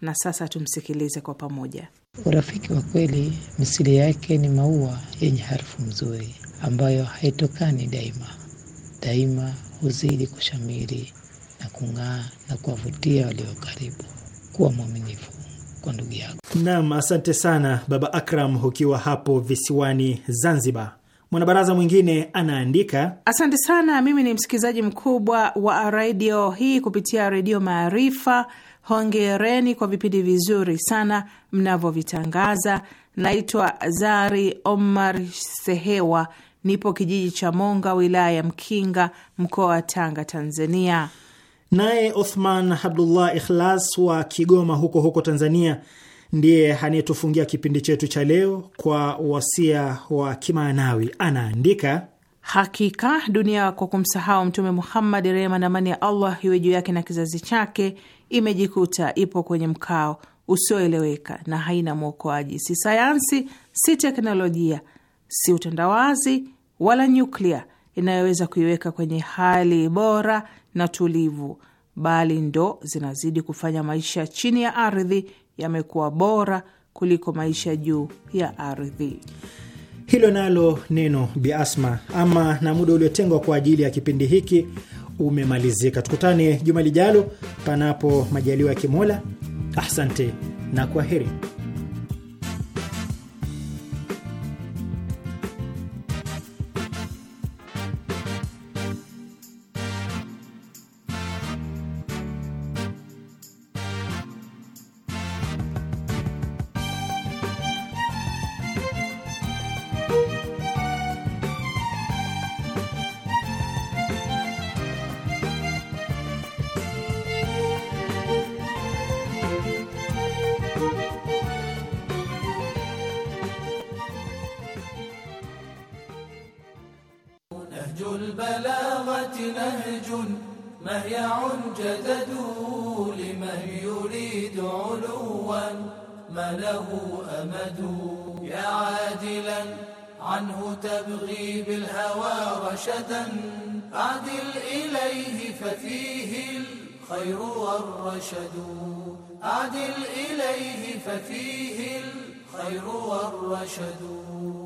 na sasa tumsikilize kwa pamoja. Urafiki wa kweli misili yake ni maua yenye harufu mzuri ambayo haitokani daima, daima huzidi kushamiri na kung'aa na kuwavutia walio karibu. Kuwa mwaminifu kwa ndugu yako. Naam, asante sana Baba Akram, ukiwa hapo visiwani Zanzibar. Mwanabaraza mwingine anaandika, asante sana. Mimi ni msikilizaji mkubwa wa redio hii kupitia Redio Maarifa. Hongereni kwa vipindi vizuri sana mnavyovitangaza. Naitwa Zari Omar Sehewa, nipo kijiji cha Monga, wilaya ya Mkinga, mkoa wa Tanga, Tanzania. Naye Othman Abdullah Ikhlas wa Kigoma huko huko Tanzania ndiye anayetufungia kipindi chetu cha leo kwa wasia wa kimaanawi. Anaandika, hakika dunia kwa kumsahau Mtume Muhammad, rehema na amani ya Allah iwe juu yake na kizazi chake, imejikuta ipo kwenye mkao usioeleweka na haina mwokoaji. Si sayansi, si teknolojia, si utandawazi wala nyuklia inayoweza kuiweka kwenye hali bora na tulivu, bali ndo zinazidi kufanya maisha chini ya ardhi yamekuwa bora kuliko maisha juu ya ardhi. Hilo nalo neno biasma. Ama na muda uliotengwa kwa ajili ya kipindi hiki umemalizika. Tukutane juma lijalo, panapo majaliwa ya Kimola. Asante na kwa heri البلاغة نهج مهيع جدد لمن يريد علوا ما له أمد يا عادلا عنه تبغي بالهوى رشدا أعدل إليه ففيه الخير والرشد أعدل إليه ففيه الخير والرشد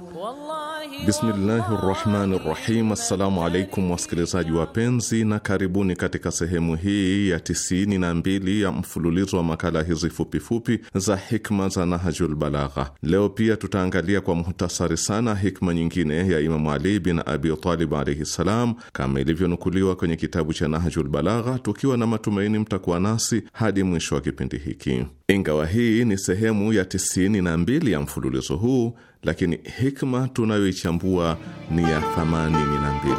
Bismillahi rahmani rahim. Assalamu alaikum wasikilizaji wapenzi, na karibuni katika sehemu hii ya tisini na mbili ya mfululizo wa makala hizi fupifupi za hikma za Nahjul Balagha. Leo pia tutaangalia kwa muhtasari sana hikma nyingine ya Imamu Ali bin Abi Talib alaihi ssalam, kama ilivyonukuliwa kwenye kitabu cha Nahjul Balagha, tukiwa na matumaini mtakuwa nasi hadi mwisho wa kipindi hiki. Ingawa hii ni sehemu ya tisini na mbili ya mfululizo huu lakini hikma tunayoichambua ni ya 82.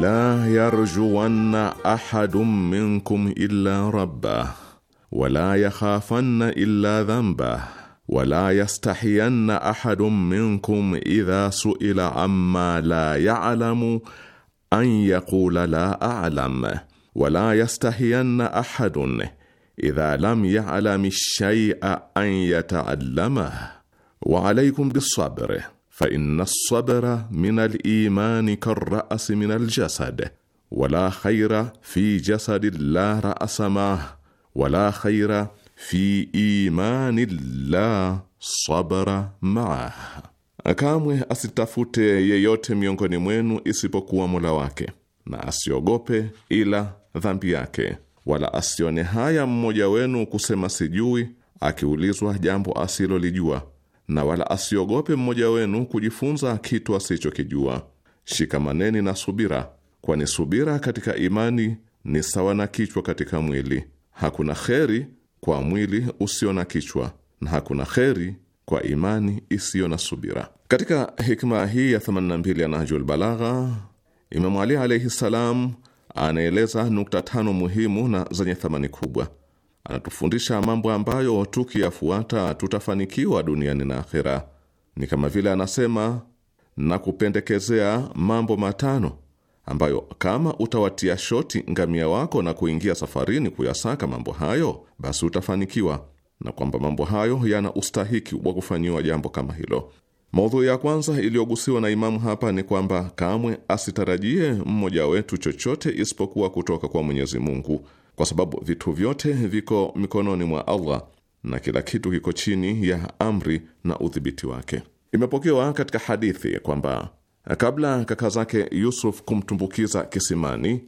La yarjuwanna ahadun minkum illa rabbah wala yakhafanna illa dhanbah wala yastahiyanna ahadun minkum idha suila amma la ya'lamu an yaqula la a'lam wala yastahiyanna ahadun idha lam ya'lam shay'a an yata'allamah wa alaykum bis-sabr fa inna as-sabra min al-iman kar-ra's min al-jasad wala khayra fi jasadi la ra'sa ma wala khayra fi imani la sabra maah Kamwe asitafute yeyote miongoni mwenu isipokuwa Mola wake na asiogope ila dhambi yake wala asione haya mmoja wenu kusema sijui, akiulizwa jambo asilolijua, na wala asiogope mmoja wenu kujifunza kitu asichokijua. Shikamaneni na subira, kwani subira katika imani ni sawa na kichwa katika mwili. Hakuna kheri kwa mwili usio na kichwa, na hakuna kheri kwa imani isiyo na subira. Katika hikma hii ya 82 ya Nahjul Balagha, Imamu Ali alaihi salam anaeleza nukta tano muhimu na zenye thamani kubwa. Anatufundisha mambo ambayo tukiyafuata tutafanikiwa duniani na akhera. Ni kama vile anasema, na kupendekezea mambo matano ambayo kama utawatia shoti ngamia wako na kuingia safarini kuyasaka mambo hayo, basi utafanikiwa, na kwamba mambo hayo yana ustahiki wa kufanyiwa jambo kama hilo. Maudhui ya kwanza iliyogusiwa na Imamu hapa ni kwamba kamwe asitarajie mmoja wetu chochote isipokuwa kutoka kwa Mwenyezi Mungu, kwa sababu vitu vyote viko mikononi mwa Allah na kila kitu kiko chini ya amri na udhibiti wake. Imepokewa katika hadithi kwamba kabla kaka zake Yusuf kumtumbukiza kisimani,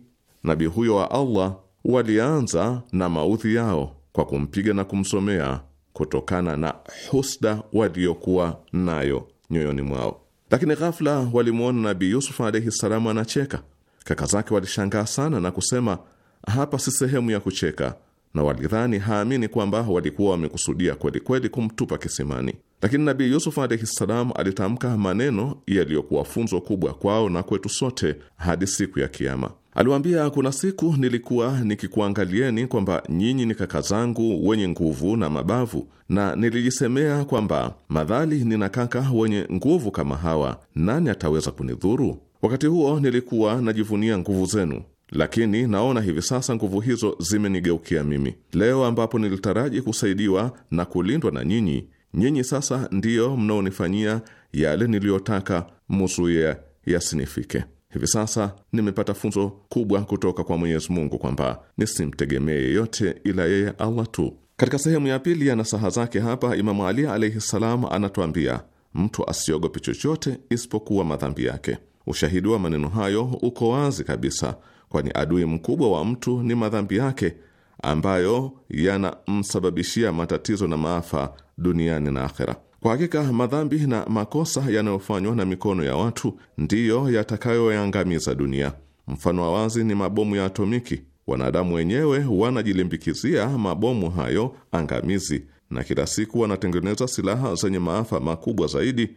nabii huyo wa Allah walianza na maudhi yao kwa kumpiga na kumsomea kutokana na husda waliokuwa nayo nyoyoni mwao. Lakini ghafla walimwona Nabii yusuf alaihi salamu anacheka. Kaka zake walishangaa sana na kusema, hapa si sehemu ya kucheka, na walidhani haamini kwamba walikuwa wamekusudia kweli kweli kumtupa kisimani. Lakini Nabii Yusufu alaihi salamu alitamka maneno yaliyokuwa funzo kubwa kwao na kwetu sote hadi siku ya Kiama. Aliwaambia, kuna siku nilikuwa nikikuangalieni kwamba nyinyi ni kaka zangu wenye nguvu na mabavu, na nilijisemea kwamba madhali nina kaka wenye nguvu kama hawa, nani ataweza kunidhuru? Wakati huo nilikuwa najivunia nguvu zenu, lakini naona hivi sasa nguvu hizo zimenigeukia mimi. Leo ambapo nilitaraji kusaidiwa na kulindwa na nyinyi, nyinyi sasa ndiyo mnaonifanyia yale niliyotaka muzuia yasinifike. Hivi sasa nimepata funzo kubwa kutoka kwa Mwenyezi Mungu kwamba nisimtegemee yeyote ila yeye Allah tu. Katika sehemu ya pili ya nasaha zake hapa, Imamu Ali alaihi ssalam anatuambia mtu asiogope chochote isipokuwa madhambi yake. Ushahidi wa maneno hayo uko wazi kabisa, kwani adui mkubwa wa mtu ni madhambi yake ambayo yanamsababishia matatizo na maafa duniani na akhera. Kwa hakika madhambi na makosa yanayofanywa na mikono ya watu ndiyo yatakayoyangamiza dunia. Mfano wa wazi ni mabomu ya atomiki. Wanadamu wenyewe wanajilimbikizia mabomu hayo angamizi, na kila siku wanatengeneza silaha zenye maafa makubwa zaidi.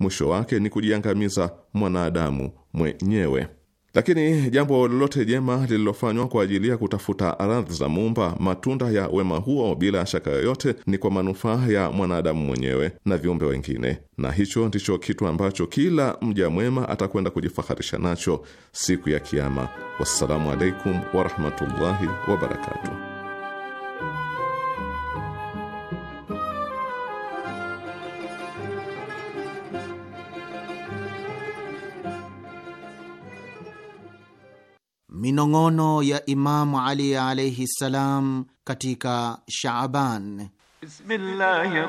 Mwisho wake ni kujiangamiza mwanadamu mwenyewe. Lakini jambo lolote jema lililofanywa kwa ajili ya kutafuta radhi za Muumba, matunda ya wema huo bila shaka yoyote ni kwa manufaa ya mwanadamu mwenyewe na viumbe wengine, na hicho ndicho kitu ambacho kila mja mwema atakwenda kujifaharisha nacho siku ya Kiama. Wassalamu alaikum warahmatullahi wabarakatuh. minong'ono ya Imamu Ali alaihi ssalam katika Shaaban. Bismillahi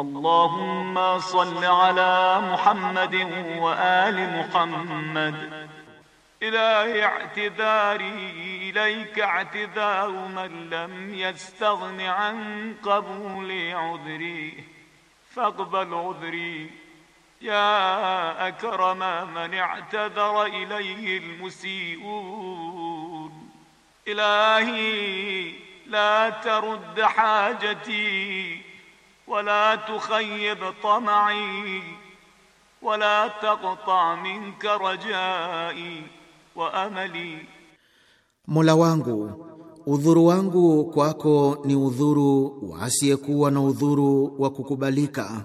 Allahumma salli ala Muhammadin wa ali Muhammad. إلهي اعتذاري إليك اعتذار من لم يستغن عن قبول عذري فاقبل عذري ya akrama man i'tadhara ilayhi almusi'un ilahi la tarudd hajati wala tukhayyib tam'i wala taqta minka rajai wa amali, Mola wangu udhuru wangu kwako ni udhuru wa na udhuru wa kukubalika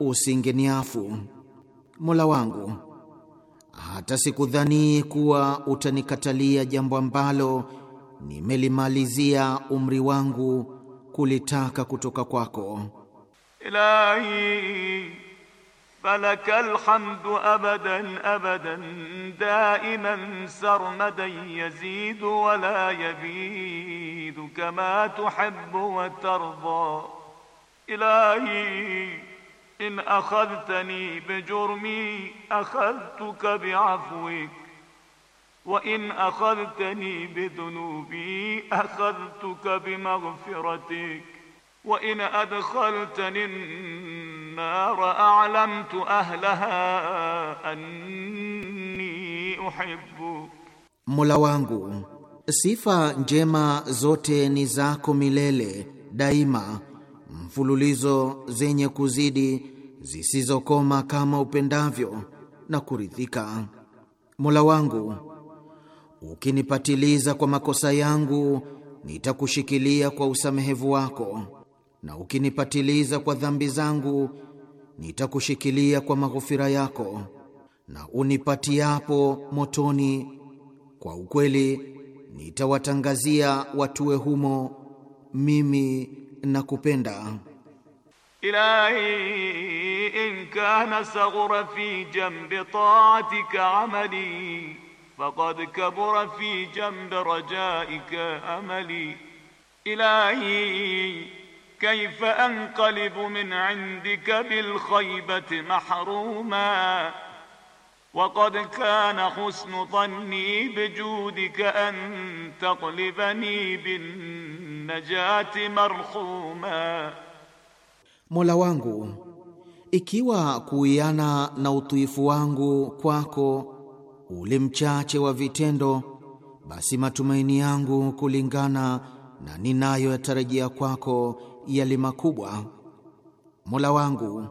usingeniafu. Mola wangu, hata sikudhani kuwa utanikatalia jambo ambalo nimelimalizia umri wangu kulitaka kutoka kwako. Ilahi falaka alhamdu abadan abadan daiman sarmadan yazidu wala yabidu kama tuhibbu wa tarda ilahi in akhadhtani bijurmi akhadhtuka bi'afwik wa in akhadhtani bidhunubi akhadhtuka bimaghfiratik wa in adkhaltani an-nar a'lamtu ahlaha anni uhibbuk, Mola wangu sifa njema zote ni zako milele daima mfululizo zenye kuzidi zisizokoma kama upendavyo na kuridhika. Mola wangu, ukinipatiliza kwa makosa yangu nitakushikilia kwa usamehevu wako, na ukinipatiliza kwa dhambi zangu nitakushikilia kwa maghufira yako, na unipatiapo motoni kwa ukweli nitawatangazia watue humo mimi nakupenda. إلهي إن كان صغر في جنب طاعتك عملي فقد كبر في جنب رجائك أملي إلهي كيف أنقلب من عندك بالخيبة محروما وقد كان حسن ظني بجودك أن تقلبني بالنجاة مرحوما Mola wangu, ikiwa kuiana na utiifu wangu kwako ule mchache wa vitendo, basi matumaini yangu kulingana na ninayoyatarajia kwako yali makubwa. Mola wangu,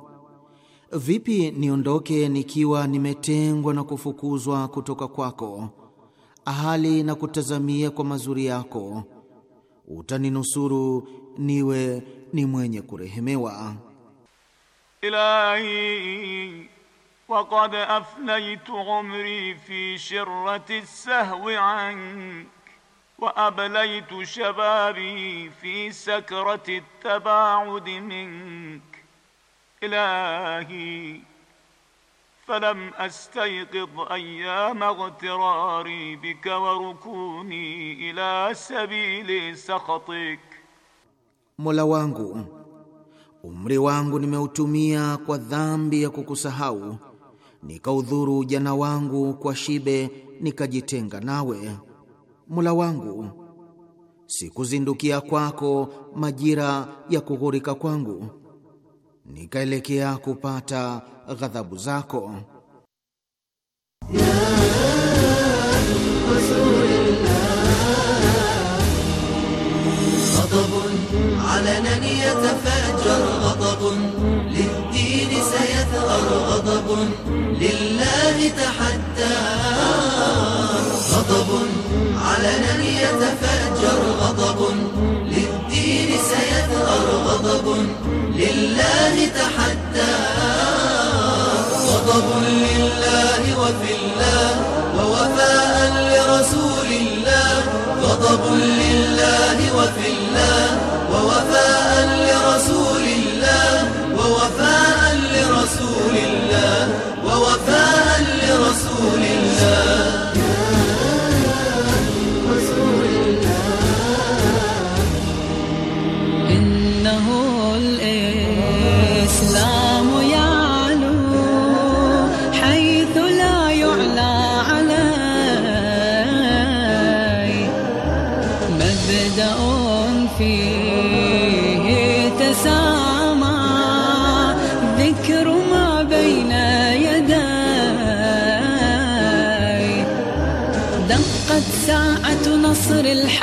vipi niondoke nikiwa nimetengwa na kufukuzwa kutoka kwako, ahali na kutazamia kwa mazuri yako, utaninusuru niwe ni mwenye kurehemewa. Ilahi وقد أفنيت عمري في شرة السهو عنك وأبليت شبابي في سكرة التباعد منك إلهي فلم أستيقظ أيام اغتراري بك وركوني إلى سبيل سخطك Mola wangu, umri wangu nimeutumia kwa dhambi ya kukusahau, nikaudhuru jana wangu kwa shibe, nikajitenga nawe. Mola wangu, sikuzindukia kwako majira ya kughurika kwangu, nikaelekea kupata ghadhabu zako ya علنا يتفجر غضب للدين سيثأر غضب لله تحدى غضب علنا يتفجر غضب للدين سيثأر غضب لله تحدى غضب لله وفي الله ووفاء لرسول الله غضب لله وفي الله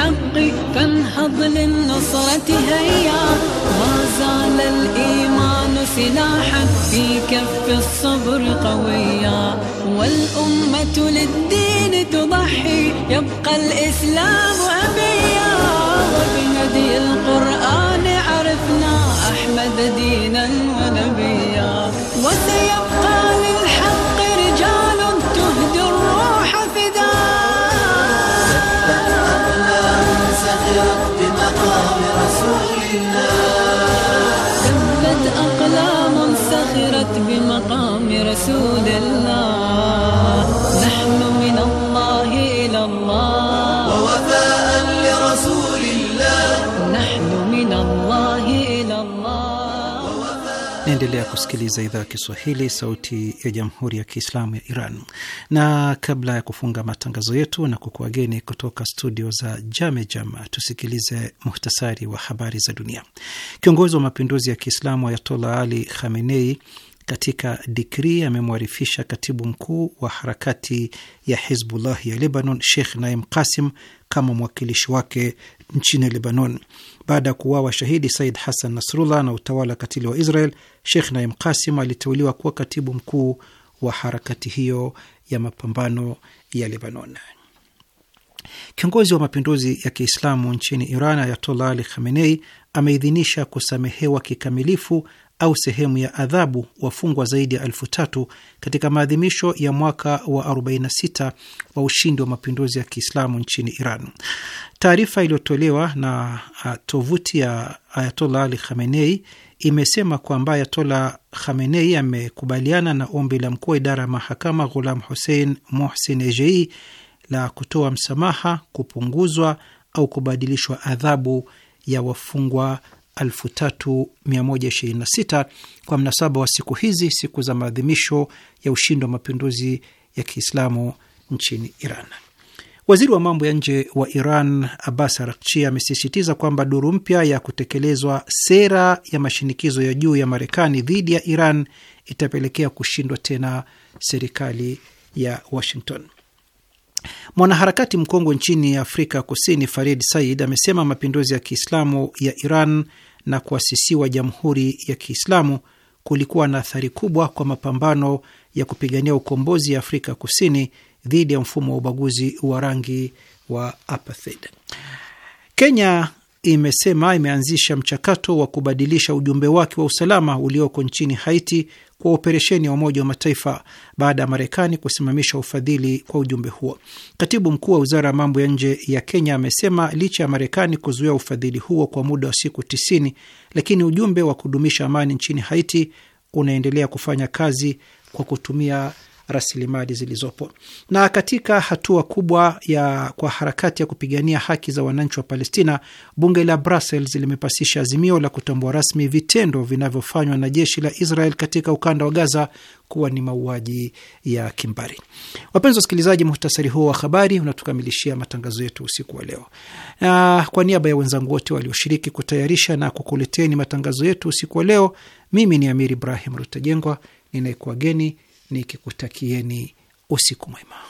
الحق فانهض للنصرة هيا ما زال الإيمان سلاحا في كف الصبر قويا والأمة للدين تضحي يبقى الإسلام أبيا وبندي القرآن عرفنا أحمد دينا ونبيا وسيبقى للحق الدنيا أقلام سخرت بمقام رسول الله نحن من الله إلى الله Naendelea kusikiliza idhaa ya Kiswahili, sauti ya jamhuri ya kiislamu ya Iran. Na kabla ya kufunga matangazo yetu na kukuageni kutoka studio za Jamejam, tusikilize muhtasari wa habari za dunia. Kiongozi wa mapinduzi ya Kiislamu Ayatollah Ali Khamenei katika dikrii amemwarifisha katibu mkuu wa harakati ya Hizbullah ya Lebanon Sheikh Naim Qasim kama mwakilishi wake nchini Lebanon. Baada ya kuuawa shahidi Said Hassan Nasrullah na utawala katili wa Israel, Sheikh Naim Kasim aliteuliwa kuwa katibu mkuu wa harakati hiyo ya mapambano ya Lebanon. Kiongozi wa mapinduzi ya Kiislamu nchini Iran Ayatollah Ali Khamenei ameidhinisha kusamehewa kikamilifu au sehemu ya adhabu wafungwa zaidi ya elfu tatu katika maadhimisho ya mwaka wa 46 wa ushindi wa mapinduzi ya Kiislamu nchini Iran. Taarifa iliyotolewa na uh, tovuti ya Ayatola Ali Khamenei imesema kwamba Ayatola Khamenei amekubaliana na ombi la mkuu wa idara ya mahakama Ghulam Hussein Mohsin Ejei la kutoa msamaha, kupunguzwa au kubadilishwa adhabu ya wafungwa 3126 kwa mnasaba wa siku hizi, siku za maadhimisho ya ushindi wa mapinduzi ya Kiislamu nchini Iran. Waziri wa mambo ya nje wa Iran Abbas Araghchi amesisitiza kwamba duru mpya ya kutekelezwa sera ya mashinikizo ya juu ya Marekani dhidi ya Iran itapelekea kushindwa tena serikali ya Washington. Mwanaharakati mkongwe nchini Afrika Kusini Farid Said amesema mapinduzi ya Kiislamu ya Iran na kuasisiwa Jamhuri ya Kiislamu kulikuwa na athari kubwa kwa mapambano ya kupigania ukombozi ya Afrika Kusini dhidi ya mfumo wa ubaguzi wa rangi wa apartheid. Kenya imesema imeanzisha mchakato wa kubadilisha ujumbe wake wa usalama ulioko nchini Haiti kwa operesheni ya Umoja wa Mataifa baada ya Marekani kusimamisha ufadhili kwa ujumbe huo. Katibu mkuu wa wizara ya mambo ya nje ya Kenya amesema licha ya Marekani kuzuia ufadhili huo kwa muda wa siku tisini, lakini ujumbe wa kudumisha amani nchini Haiti unaendelea kufanya kazi kwa kutumia rasilimali zilizopo. Na katika hatua kubwa ya kwa harakati ya kupigania haki za wananchi wa Palestina, bunge la Brussels limepasisha azimio la kutambua rasmi vitendo vinavyofanywa na jeshi la Israel katika ukanda wa Gaza kuwa ni mauaji ya kimbari. Wapenzi wa wasikilizaji, muhtasari huo wa habari unatukamilishia matangazo yetu usiku wa leo, na kwa niaba ya wenzangu wote walioshiriki kutayarisha na kukuleteni matangazo yetu usiku wa leo, mimi ni Amir Ibrahim Rutajengwa ninayekuwageni nikikutakieni usiku mwema.